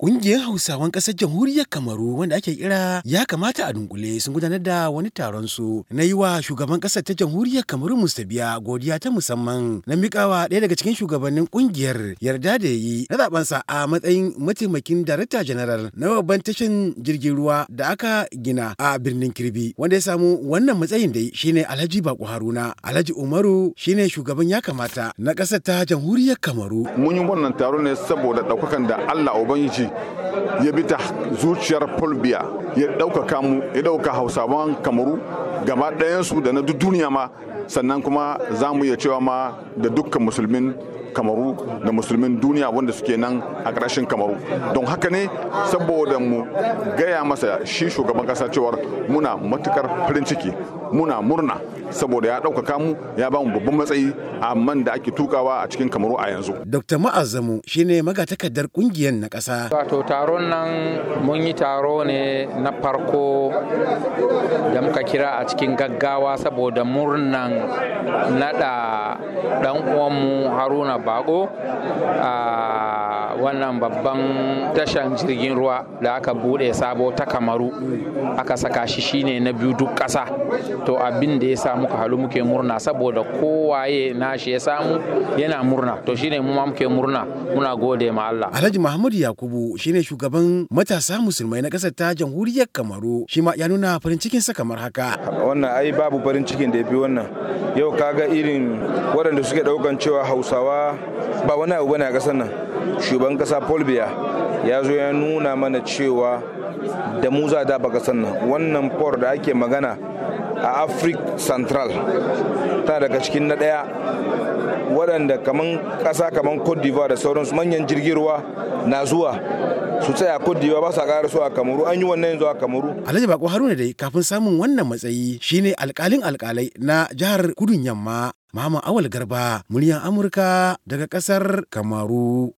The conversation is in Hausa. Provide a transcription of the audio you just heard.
Ƙungiyar Hausawan ƙasar Jamhuriyar Kamaru wanda ake kira ya kamata a dunkule sun gudanar da wani taron su na yi wa shugaban ƙasar ta Jamhuriyar Kamaru Mustabiya godiya ta musamman na mikawa ɗaya daga cikin shugabannin ƙungiyar yarda da yi na sa a matsayin mataimakin darakta janaral na babban tashin jirgin ruwa da aka gina a birnin Kirbi wanda ya samu wannan matsayin dai. shine Alhaji Bako Haruna Alhaji Umaru shine shugaban ya kamata na ƙasar ta Jamhuriyar Kamaru. Mun yi wannan taro ne saboda ɗaukakan da Allah Ubangiji ya bi ta zuciyar fulbiya ya ɗaukaka mu ya ɗauka hausawan kamaru gaba ɗayansu da na duniya ma sannan kuma za mu iya cewa ma da dukkan musulmin kamaru da musulmin duniya wanda suke nan a ƙarshen kamaru don haka ne saboda mu gaya masa shi shugaban ƙasa cewar muna matukar farin ciki muna murna saboda ya ɗaukaka mu ya ba mu babban matsayi a man da ake tukawa a cikin kamaru a yanzu. Dr. Ma'azamu shine magatakardar kungiyar na ƙasa. Wato taron nan mun yi taro ne na farko da muka kira a cikin gaggawa saboda murnan naɗa ɗan uwanmu Haruna baƙo a wannan babban tashan jirgin ruwa da aka buɗe sabo ta kamaru aka saka shi shine na biyu duk ƙasa to abin da ya sa muka halu muke murna saboda kowaye na shi ya samu yana murna to shine mu ma muke murna muna gode ma Allah Alhaji Muhammadu Yakubu shine shugaban matasa musulmai na kasar ta jamhuriyar Kamaru shi ma ya nuna farin cikin sa kamar haka wannan ai babu farin cikin da ya fi wannan yau kaga irin waɗanda suke ɗaukan cewa Hausawa ba wani abu bane a kasar nan shugaban kasa Paul Biya ya zo ya nuna mana cewa da mu za da baka sannan wannan for da ake magana a afirka central ta daga cikin na ɗaya waɗanda kaman ƙasa kamar cote da sauransu manyan jirgin ruwa na zuwa su tsaya cote d'ivoire ba sa ƙara su a kamaru an yi wannan yanzu a kamaru alhaji bako haruna dai kafin samun wannan matsayi shine alƙalin alƙalai na jihar kudun yamma Mama Awal Garba, muryar Amurka daga ƙasar Kamaru.